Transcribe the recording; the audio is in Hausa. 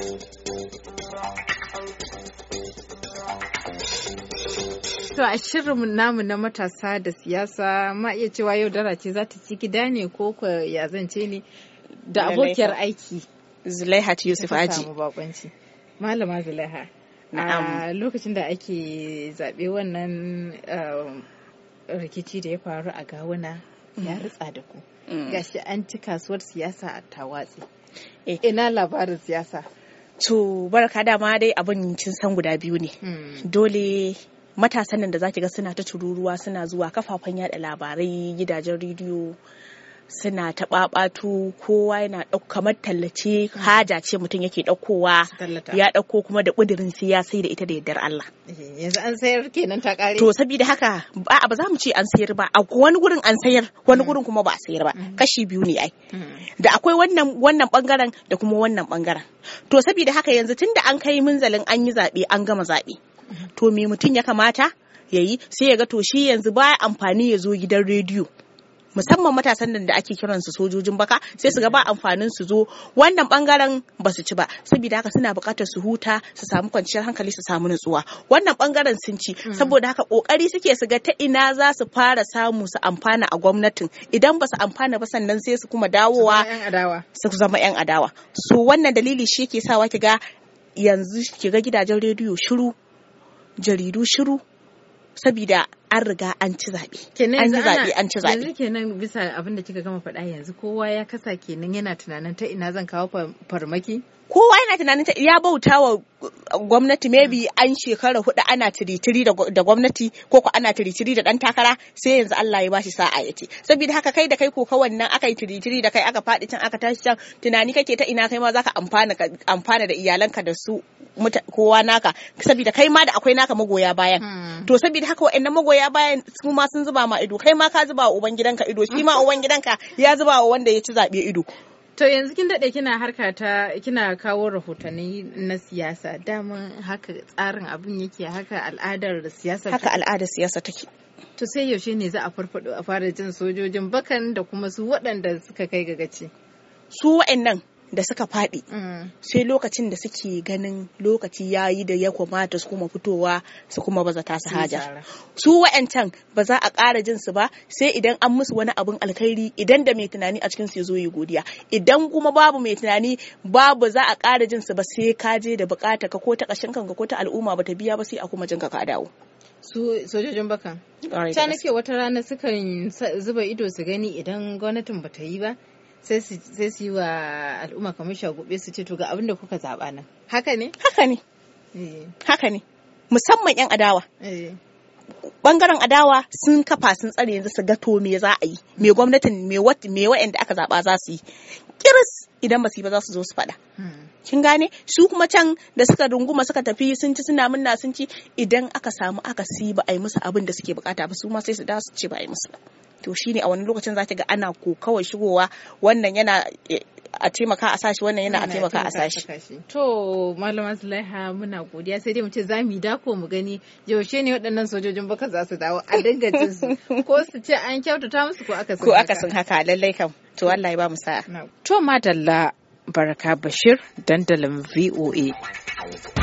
To a shirin namu na matasa da siyasa ma iya cewa yau dara ce za ta ci gida ne ko ya zance ne da abokiyar aiki. Zulaihat Yusuf Aji. Malama Zulaiha. A lokacin da ake zaɓe wannan um, rikici da ya faru a gawuna mm. ya ritsa da ku. Mm. Gashi an ci kasuwar siyasa a tawatsi. Eh. Ina labarin siyasa. To barka dama dai abin cin san guda biyu ne. Hmm. Dole matasan nan da zaki ga suna ta tururuwa suna zuwa kafafen yada labarai gidajen rediyo suna ta kowa yana ɗauko kamar tallace haja ce mutum yake ɗaukowa ya ɗauko kuma da ƙudurin sai da ita da yardar Allah. Eh, yanzu an sayar kenan ta ƙare. To saboda haka ba a ba za mu ce an sayar ba a wani gurin an sayar wani mm. gurin kuma ba a sayar ba mm-hmm. kashi biyu ne ai. Mm. Da akwai wannan wannan bangaren da kuma wannan bangaren. To saboda haka yanzu tun da an kai munzalin an yi zaɓe an gama zaɓe. Mm-hmm. To me mutum ya kamata ya yi sai ya ga to shi yanzu baya amfani ya zo gidan rediyo. musamman matasan da ake kiransu sojojin baka sai su ga ba amfanin su zo wannan bangaren ba su ci ba saboda haka suna buƙatar su huta su samu kwanciyar hankali su samu nutsuwa wannan bangaren sun ci hmm. saboda haka kokari suke su ga ta ina za su fara samu su amfana a gwamnatin idan ba su amfana ba sannan sai su kuma dawowa su zama yan adawa su wannan dalili shi ke sawa ki ga yanzu ki ga gidajen rediyo shiru jaridu shiru sabida an riga an ci zaɓe. An ci zaɓe an ci zaɓe. Yanzu kenan bisa abin da kika gama faɗa yanzu kowa ya kasa kenan yana tunanin ta ina zan kawo farmaki? Kowa yana tunanin ta ya bauta wa gwamnati maybe an shekara hudu ana tiritiri da gwamnati ko ko ana tiritiri da dan takara sai yanzu Allah ya bashi sa'a ya ce. Saboda haka kai da kai ko kawai nan aka yi tiritiri da kai aka faɗi can aka tashi can tunani kake ta ina kai ma za ka amfana da iyalanka da su kowa naka saboda kai ma da akwai naka magoya bayan hmm. to saboda haka wa'annan magoya bayan su ma sun zuba ma ido kai ma ka zuba wa ubangidanka gidanka ido shi ma uban ya zuba wa wanda ya ci zaɓe ido To yanzu kin daɗe kina harka ta kina kawo rahotanni na siyasa daman haka tsarin abin yake haka al'adar siyasa haka al'adar siyasa take. To sai yaushe ne za a farfado a fara jin sojojin bakan da kuma su waɗanda suka kai gagace Su waɗannan da suka faɗi mm. sai lokacin da suke ganin lokaci ya yi da ya kamata su kuma fitowa su kuma baza ta su haja su wa'yancan ba za a ƙara jin su ba sai idan an musu wani abin alkhairi idan da mai tunani a cikin su ya zo yi godiya idan kuma babu mai tunani babu za a ƙara jin su ba sai ka je da bukata ka ko ta ƙashin kanka ko ta al'umma ba ta biya ba sai a kuma jinka ka dawo su sojojin baka ta nake wata rana sukan zuba ido su gani idan gwamnatin ba ta yi ba sai su yi wa al'umma kamar shagube su ce to ga abin da kuka zaɓa nan haka ne haka ne eh. haka ne musamman yan adawa bangaren eh. adawa sun kafa sun tsare yanzu su ga to me za a yi me gwamnatin me wa'anda aka zaba za su yi kiris idan su yi ba za su zo su faɗa hmm. kin gane su kuma can da suka runguma suka tafi sun ci suna munna sun ci idan aka samu aka si ba a yi musu abin da suke bukata ba su ma sai su da su ce ba a yi musu ba to shine a wani lokacin za ta ga ana ko kawai shigowa wannan yana eh, a taimaka a sashi wannan yana a taimaka a sashi. To malama Zulaiha muna godiya sai dai mu ce za mu dako mu gani yaushe ne waɗannan sojojin baka za su dawo a dinga jin su ko su ce an kyautata musu ko aka Ko aka sun haka lallai kam to Allah ya ba mu sa'a. To madalla Baraka Bashir dandalin VOA.